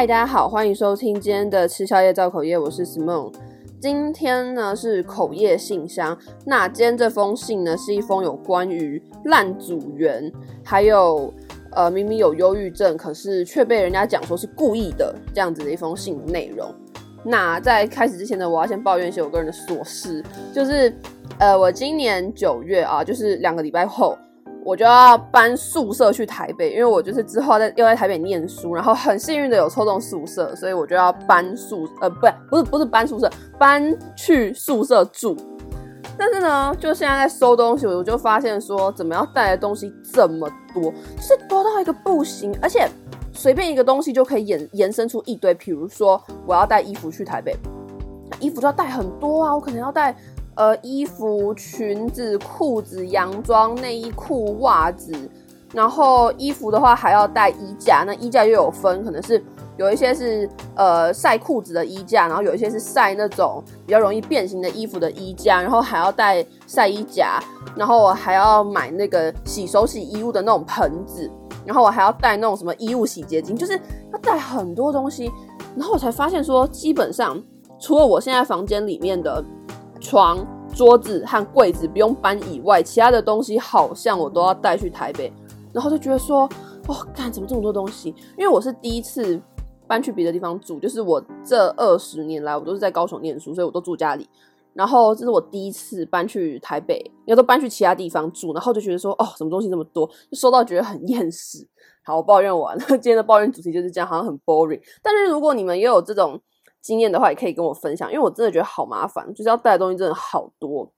嗨，大家好，歡迎收聽今天的吃宵夜造口業，我是 Simone，今天呢是口業信箱，那今天這封信呢是一封有關於爛組員還有呃明明有憂鬱症，可是卻被人家講說是故意的這樣子的一封信的內容。那在開始之前呢，我要先抱怨一些我個人的瑣事，就是呃我今年九月啊，就是兩個禮拜後。我就要搬宿舍去台北，因為我就是之後在又在台北念書，然後很幸運的有抽中宿舍，所以我就要搬宿舍，呃，不不是不是搬宿舍，搬去宿舍住。但是呢，就現在在收東西，我就發現說，怎麼要帶的東西這麼多，就是多到一個不行，而且隨便一個東西就可以延延伸出一堆。比如說我要帶衣服去台北，衣服都要帶很多啊，我可能要帶。呃，衣服、裙子、褲子、洋裝、內衣褲、襪子，然後衣服的話還要帶衣架，那衣架又有分，可能是有一些是呃曬褲子的衣架，然後有一些是曬那種比較容易變形的衣服的衣架，然後還要帶曬衣夾，然後我還要買那個洗手洗衣物的那種盆子，然後我還要帶那種什麼衣物洗潔精，就是要帶很多東西，然後我才發現說，基本上除了我現在房間裡面的床。桌子和櫃子不用搬以外，其他的東西好像我都要帶去台北，然後就覺得說，哦，幹怎麼這麼多東西？因為我是第一次搬去別的地方住，就是我這二十年來我都是在高雄念書，所以我都住家裡，然後這是我第一次搬去台北，因為都搬去其他地方住，然後就覺得說，哦，什麼東西這麼多，就收到覺得很厭世。好，我抱怨完了，今天的抱怨主題就是這樣，好像很 boring。但是如果你們也有這種，經驗的話也可以跟我分享，因為我真的覺得好麻煩，就是要帶的東西真的好多。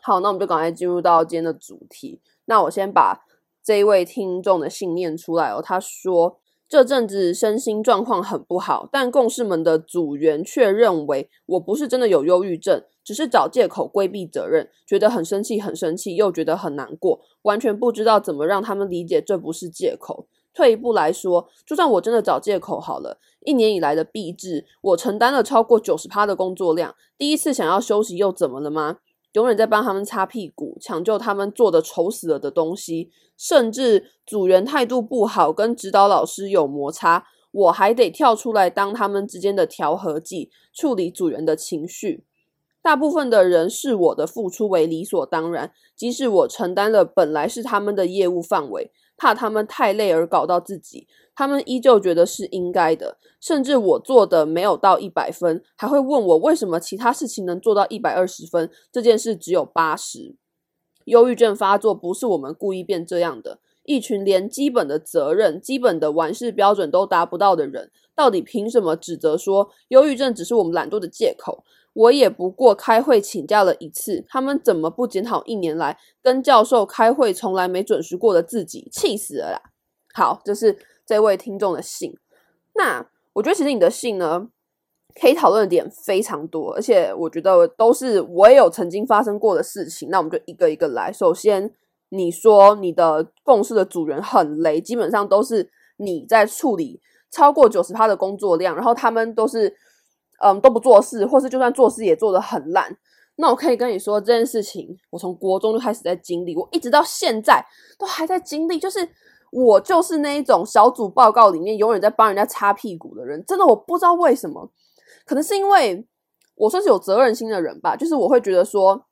好，那我們就趕快進入到今天的主題。那我先把這一位聽眾的信念出來哦。他說：這陣子身心狀況很不好，但共事們的組員卻認為我不是真的有憂鬱症，只是找借口規避責任。覺得很生氣，很生氣，又覺得很難過，完全不知道怎麼讓他們理解這不是借口。退一步來說，就算我真的找借口好了，一年以來的畢製，我承擔了超過九十趴的工作量，第一次想要休息又怎麼了嗎？永遠在幫他們擦屁股，搶救他們做的醜死了的東西，甚至組員態度不好，跟指導老師有摩擦，我還得跳出來當他們之間的調和劑，處理組員的情緒。大部分的人視我的付出為理所當然，即使我承擔了本來是他們的業務範圍。怕他們太累而搞到自己，他們依舊覺得是應該的。甚至我做的沒有到一百分，還會問我為什麼其他事情能做到一百二十分，這件事只有八十。憂鬱症發作不是我們故意變這樣的，一群連基本的責任、基本的完事標準都達不到的人，到底憑什麼指責說憂鬱症只是我們懶惰的借口？我也不過開會請假了一次，他們怎麼不檢討一年來跟教授開會從來沒準時過的自己？氣死了啦！好，這、就是這位聽眾的信。那我覺得其實你的信呢，可以討論的點非常多，而且我覺得都是我也有曾經發生過的事情。那我們就一個一個來。首先，你說你的共事的主人很雷，基本上都是你在處理超過九十趴的工作量，然後他們都是。嗯，都不做事，或是就算做事也做得很爛。那我可以跟你說，這件事情我從國中就開始在經歷，我一直到現在都還在經歷。就是我就是那一種小組報告裡面永遠在幫人家擦屁股的人。真的我不知道為什麼，可能是因為我算是有責任心的人吧。就是我會覺得說，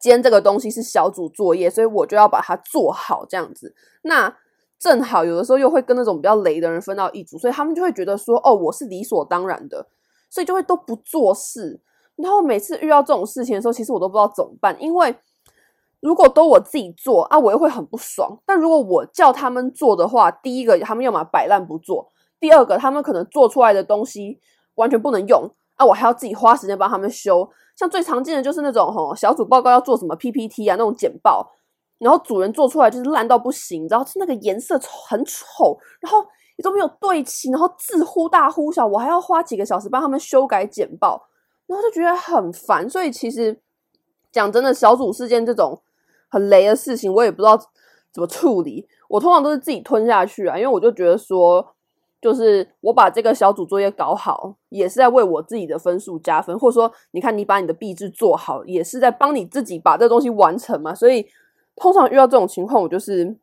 今天這個東西是小組作業，所以我就要把它做好這樣子。那正好有的時候又會跟那種比較雷的人分到一組，所以他們就會覺得說，哦，我是理所當然的。所以就會都不做事，然後每次遇到這種事情的時候，其實我都不知道怎麼辦。因為如果都我自己做啊，我又會很不爽；但如果我叫他們做的話，第一個他們要麼擺爛不做，第二個他們可能做出來的東西完全不能用啊，我還要自己花時間幫他們修。像最常見的就是那種吼，小組報告要做什麼 PPT 啊，那種簡報，然後主人做出來就是爛到不行，然後是那個顏色很醜，然後。都沒有對齊，然後字忽大忽小，我還要花幾個小時幫他們修改簡報，然後就覺得很煩。所以其實講真的，小組事件這種很雷的事情，我也不知道怎麼處理。我通常都是自己吞下去啊，因為我就覺得說，就是我把這個小組作業搞好，也是在為我自己的分數加分，或者說，你看你把你的筆記做好，也是在幫你自己把這東西完成嘛。所以通常遇到這種情況，我就是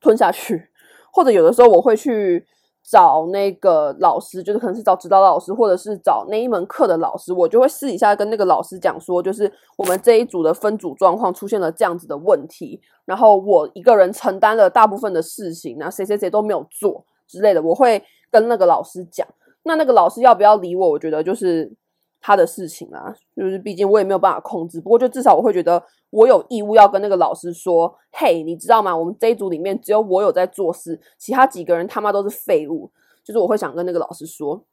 吞下去。或者有的時候我會去找那個老師，就是可能是找指導老師，或者是找那一門課的老師，我就會試一下跟那個老師講說，就是我們這一組的分組狀況出現了這樣子的問題，然後我一個人承擔了大部分的事情，那誰誰誰都沒有做之類的，我會跟那個老師講。那那個老師要不要理我？我覺得就是。他的事情啦、啊，就是畢竟我也沒有辦法控制。不過就至少我會覺得我有義務要跟那個老師說，嘿、hey，你知道嗎？我們這一組裡面只有我有在做事，其他幾個人他媽都是廢物。就是我會想跟那個老師說。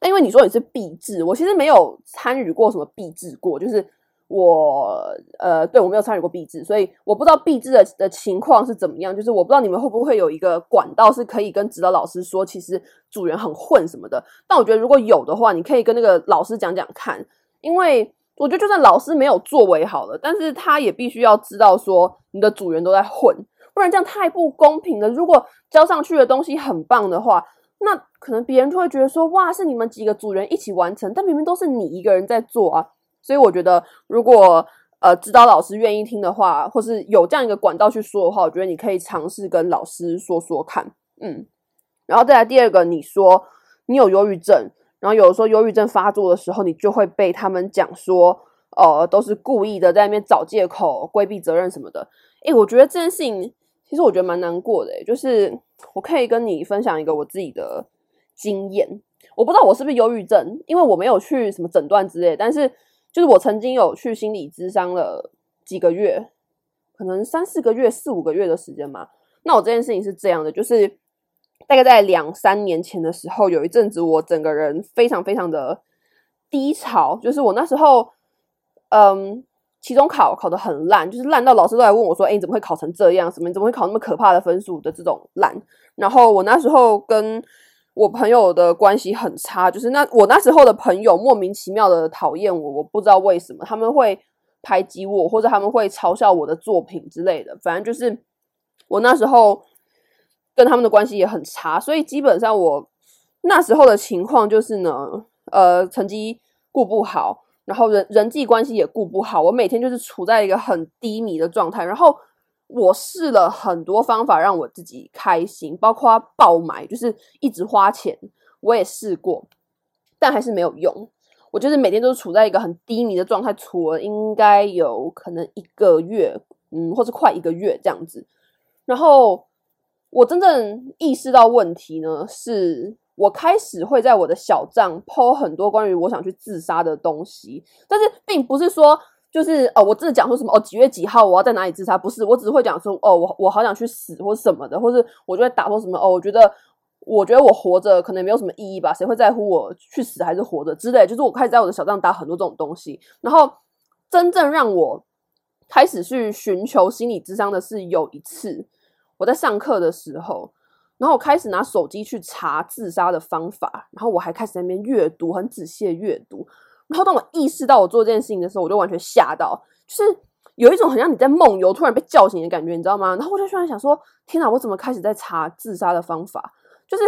那因為你說你是畢製，我其實沒有參與過什麼畢製過，就是。我呃，對，我沒有參與過畢製，所以我不知道畢製的的情況是怎麼樣。就是我不知道你們會不會有一個管道是可以跟指導老師說，其實組員很混什麼的。但我覺得如果有的話，你可以跟那個老師講講看，因為我覺得就算老師沒有作為好了，但是他也必須要知道說你的組員都在混，不然這樣太不公平了。如果交上去的東西很棒的話，那可能別人就會覺得說哇，是你們幾個組員一起完成，但明明都是你一個人在做啊。所以我覺得，如果呃，指導老師願意聽的話，或是有這樣一個管道去說的話，我覺得你可以嘗試跟老師說說看，嗯。然後再來第二個你，你說你有憂鬱症，然後有的時候憂鬱症發作的時候，你就會被他們講說，呃，都是故意的在那邊找借口、規避責任什麼的。誒、欸，我覺得這件事情其實我覺得蠻難過的、欸，就是我可以跟你分享一個我自己的經驗，我不知道我是不是憂鬱症，因為我沒有去什麼診斷之類，但是。就是我曾經有去心理諮商了幾個月，可能三四個月、四五個月的時間嘛。那我這件事情是這樣的，就是大概在兩三年前的時候，有一陣子我整個人非常非常的低潮，就是我那時候，嗯，期中考考得很爛，就是爛到老師都來問我說：“哎，你怎麼會考成這樣？什麼？你怎麼會考那麼可怕的分數的這種爛？”然後我那時候跟我朋友的關係很差，就是那我那時候的朋友莫名其妙的討厭我，我不知道為什麼他們會排擠我，或者他們會嘲笑我的作品之類的。反正就是我那時候跟他們的關係也很差，所以基本上我那時候的情況就是呢，呃，成績顧不好，然後人人際關係也顧不好，我每天就是處在一個很低迷的狀態，然後。我試了很多方法讓我自己開心，包括爆買，就是一直花錢，我也試過，但還是沒有用。我就是每天都處在一個很低迷的狀態，除了應該有可能一個月，嗯，或是快一個月這樣子。然後我真正意識到問題呢，是我開始會在我的小賬 PO 很多關於我想去自殺的東西，但是並不是說。就是哦，我只是講說什麼哦？幾月幾號我要在哪裡自殺？不是，我只會講說哦，我我好想去死，或什麼的，或者我就會打說什麼哦，我覺得我覺得我活着可能沒有什麼意義吧，誰會在乎我去死還是活着之類？就是我開始在我的小賬打很多這種東西。然後真正讓我開始去尋求心理諮商的是有一次我在上課的時候，然後我開始拿手機去查自殺的方法，然後我還開始那邊閱讀，很仔細的閱讀。然後當我意識到我做這件事情的時候，我就完全嚇到，就是有一種很像你在夢游突然被叫醒的感覺，你知道嗎？然後我就突然想說：“天哪，我怎麼開始在查自殺的方法？”就是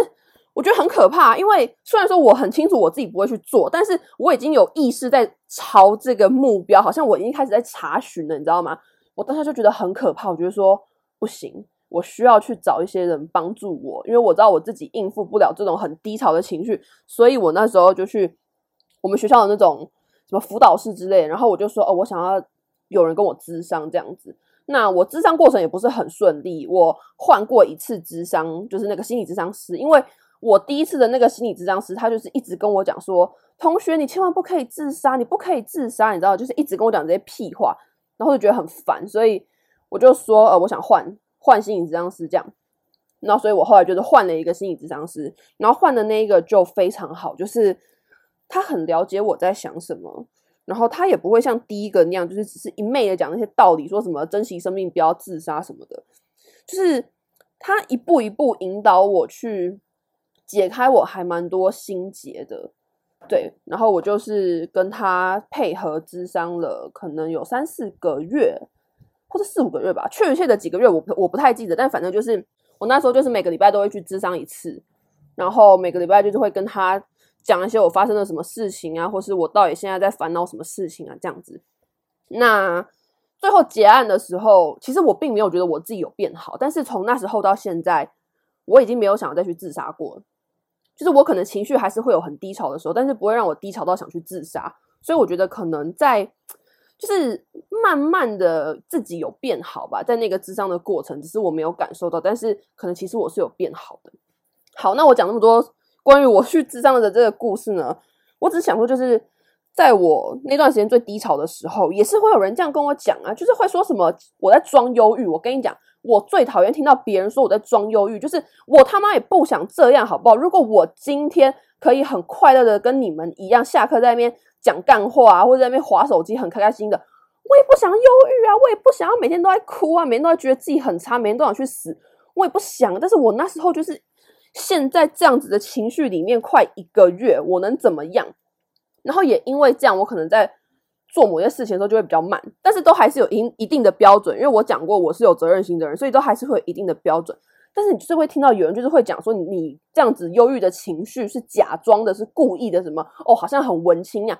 我覺得很可怕，因為雖然說我很清楚我自己不會去做，但是我已經有意識在朝這個目標，好像我已經開始在查詢了，你知道嗎？我當時就覺得很可怕，我覺得說不行，我需要去找一些人幫助我，因為我知道我自己應付不了這種很低潮的情緒，所以我那時候就去。我們學校的那種什麼輔導室之類，然後我就說哦，我想要有人跟我諮商這樣子。那我諮商過程也不是很順利，我換過一次諮商，就是那個心理諮商師。因為我第一次的那個心理諮商師，他就是一直跟我講說，同學你千萬不可以自殺，你不可以自殺，你知道，就是一直跟我講這些屁話，然後就覺得很煩，所以我就說呃，我想換換心理諮商師這樣。那所以我後來就是換了一個心理諮商師，然後換的那一個就非常好，就是。他很了解我在想什麼，然後他也不會像第一個那樣，就是只是一昧的講那些道理，說什麼珍惜生命、不要自殺什麼的，就是他一步一步引導我去解開我還蠻多心結的，對。然後我就是跟他配合諮商了，可能有三四個月，或者四五個月吧，確切的幾個月我我不太記得，但反正就是我那時候就是每個禮拜都會去諮商一次，然後每個禮拜就是會跟他。講一些我發生了什麼事情啊，或是我到底現在在煩惱什麼事情啊，這樣子。那最後結案的時候，其實我並沒有覺得我自己有變好，但是從那時候到現在，我已經沒有想要再去自殺過了。就是我可能情緒還是會有很低潮的時候，但是不會讓我低潮到想去自殺。所以我覺得可能在就是慢慢的自己有變好吧，在那個諮商的過程，只是我沒有感受到，但是可能其實我是有變好的。好，那我講那麼多，關於我去諮商的這個故事呢，我只想說，就是在我那段時間最低潮的時候，也是會有人這樣跟我講啊，就是會說什麼我在裝憂鬱。我跟你講，我最討厭聽到別人說我在裝憂鬱，就是我他媽也不想這樣，好不好？如果我今天可以很快樂的跟你們一樣，下課在那邊講幹話、啊，或者在那邊滑手機，很開開心的，我也不想憂鬱啊，我也不想要每天都在哭啊，每天都在覺得自己很差，每天都想去死，我也不想。但是我那時候就是。現在這樣子的情緒裡面，快一個月，我能怎麼樣？然後也因為這樣，我可能在做某些事情的時候就會比較慢，但是都還是有一一定的標準，因為我講過我是有責任心的人，所以都還是會有一定的標準。但是你就是會聽到有人就是會講說你，你這樣子憂鬱的情緒是假裝的，是故意的，什麼哦，好像很文青一樣，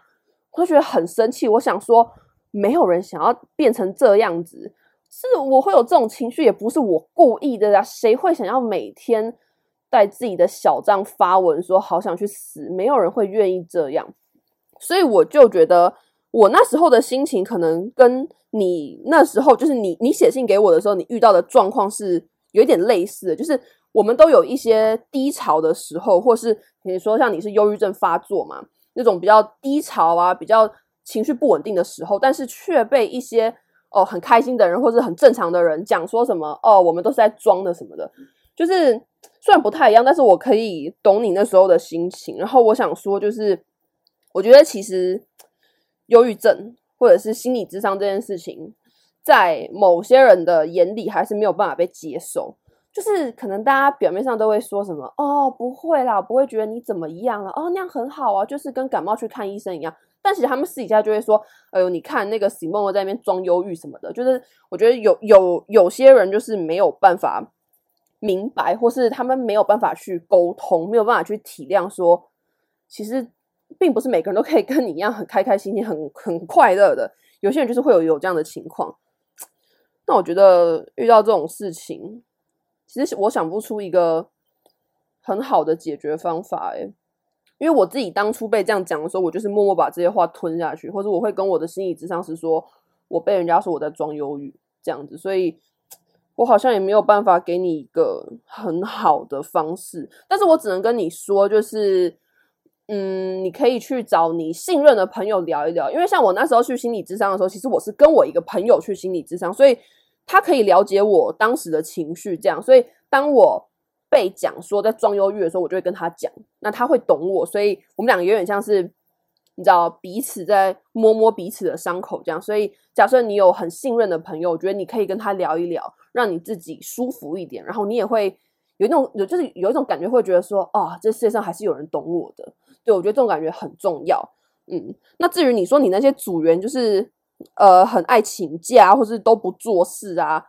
我就覺得很生氣。我想說，沒有人想要變成這樣子，是我會有這種情緒，也不是我故意的呀、啊。誰會想要每天？在自己的小帳發文說，好想去死，沒有人會願意這樣，所以我就覺得我那時候的心情可能跟你那時候，就是你你寫信給我的時候，你遇到的狀況是有一點類似的，就是我們都有一些低潮的時候，或是你說像你是憂鬱症發作嘛，那種比較低潮啊，比較情緒不穩定的時候，但是卻被一些哦很開心的人或者很正常的人講說什麼哦，我們都是在裝的什麼的，就是。雖然不太一樣，但是我可以懂你那時候的心情。然後我想說，就是我覺得其實憂鬱症或者是心理諮商這件事情，在某些人的眼裡還是沒有辦法被接受。就是可能大家表面上都會說什麼哦，不會啦，不會覺得你怎麼樣了、啊、哦，那樣很好啊，就是跟感冒去看醫生一樣。但其實他們私底下就會說，哎、呃、呦，你看那個 Simone 在那邊裝憂鬱什麼的，就是我覺得有有有些人就是沒有辦法。明白，或是他們沒有辦法去溝通，沒有辦法去體諒說，說其實並不是每個人都可以跟你一樣很開開心心、很很快樂的。有些人就是會有有這樣的情況。那我覺得遇到這種事情，其實我想不出一個很好的解決方法。哎，因為我自己當初被這樣講的時候，我就是默默把這些話吞下去，或者我會跟我的心理諮商師說我被人家說我在裝憂鬱這樣子，所以。我好像也沒有辦法給你一個很好的方式，但是我只能跟你說，就是，嗯，你可以去找你信任的朋友聊一聊，因為像我那時候去心理諮商的時候，其實我是跟我一個朋友去心理諮商，所以他可以了解我當時的情緒，這樣，所以當我被講說在裝憂鬱的時候，我就會跟他講，那他會懂我，所以我們兩個有點像是。你知道彼此在摸摸彼此的傷口，這樣。所以，假設你有很信任的朋友，我覺得你可以跟他聊一聊，讓你自己舒服一點。然後，你也會有一種有，就是有一種感覺，會覺得說，啊、哦，這世界上還是有人懂我的。對，我覺得這種感覺很重要。嗯，那至於你說你那些組員就是，呃，很愛請假，或是都不做事啊，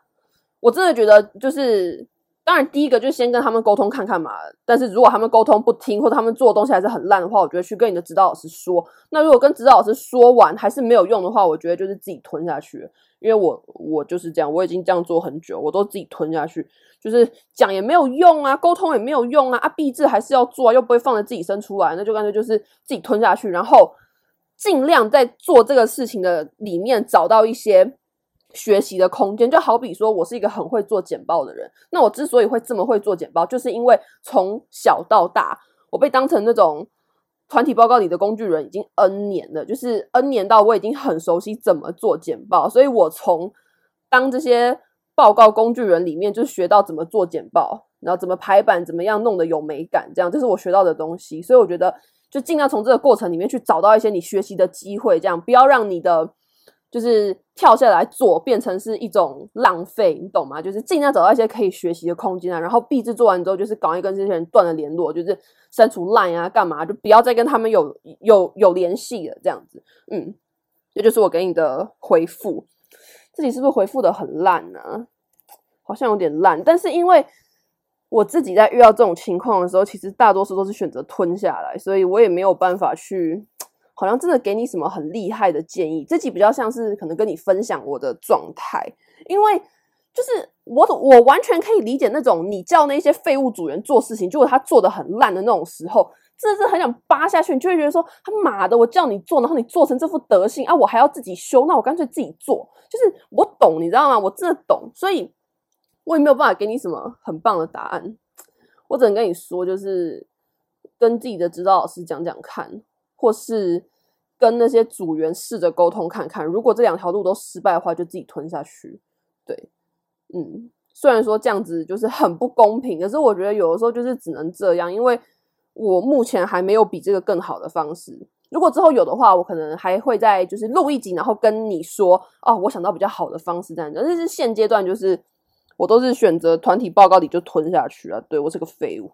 我真的覺得就是。當然，第一個就先跟他們溝通看看嘛。但是如果他們溝通不聽，或者他們做的東西還是很爛的話，我覺得去跟你的指導老師說。那如果跟指導老師說完還是沒有用的話，我覺得就是自己吞下去。因為我我就是這樣，我已經這樣做很久，我都自己吞下去，就是講也沒有用啊，溝通也沒有用啊，啊，畢製還是要做，啊，又不會放在自己身出來，那就乾脆就是自己吞下去，然後盡量在做這個事情的裡面找到一些。學習的空間就好比說，我是一個很會做簡報的人。那我之所以會這麼會做簡報，就是因為從小到大，我被當成那種團體報告裡的工具人，已經 N 年了。就是 N 年到我已經很熟悉怎麼做簡報，所以我從當這些報告工具人裡面，就學到怎麼做簡報，然後怎麼排版，怎麼樣弄得有美感，這樣，這是我學到的東西。所以我覺得，就儘量從這個過程裡面去找到一些你學習的機會，這樣不要讓你的。就是跳下來做，變成是一種浪費，你懂嗎？就是盡量找到一些可以學習的空間啊，然後畢製做完之後，就是趕快跟這些人斷了聯絡，就是刪除 line 呀、啊，幹嘛就不要再跟他們有有有聯繫了，這樣子。嗯，這就是我給你的回復，自己是不是回復的很爛呢、啊？好像有點爛，但是因為我自己在遇到這種情況的時候，其實大多數都是選擇吞下來，所以我也沒有辦法去。好像真的給你什麼很厲害的建議，這期比較像是可能跟你分享我的狀態，因為就是我我完全可以理解那種你叫那些廢物主人做事情，結果他做的很爛的那種時候，真的是很想扒下去，你就會覺得說他媽的，我叫你做，然後你做成這副德行啊，我還要自己修，那我乾脆自己做，就是我懂，你知道嗎？我真的懂，所以我也沒有辦法給你什麼很棒的答案，我只能跟你說，就是跟自己的指導老師講講看。或是跟那些組員試着溝通看看，如果這兩條路都失敗的話，就自己吞下去。對，嗯，雖然說這樣子就是很不公平，可是我覺得有的時候就是只能這樣，因為我目前還沒有比這個更好的方式。如果之後有的話，我可能還會再就是錄一集，然後跟你說，哦，我想到比較好的方式這樣子。但是現階段就是我都是選擇團體報告裡就吞下去啊。對，我是個廢物。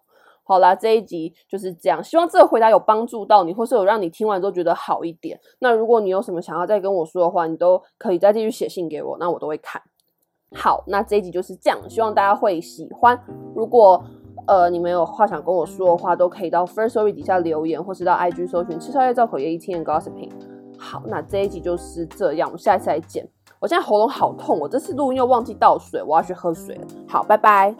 好啦，這一集就是這樣。希望這個回答有幫助到你，或是有讓你聽完之後覺得好一點。那如果你有什麼想要再跟我說的話，你都可以再繼續寫信給我，那我都會看。好，那這一集就是這樣，希望大家會喜歡。如果呃你們有話想跟我說的話，都可以到 Firstory 底下留言，或是到 IG 搜尋《吃宵夜找口業 eating and gossiping》。好，那這一集就是這樣，我們下一次再見。我現在喉嚨好痛，我這次錄音又忘記倒水，我要去喝水了。好，拜拜。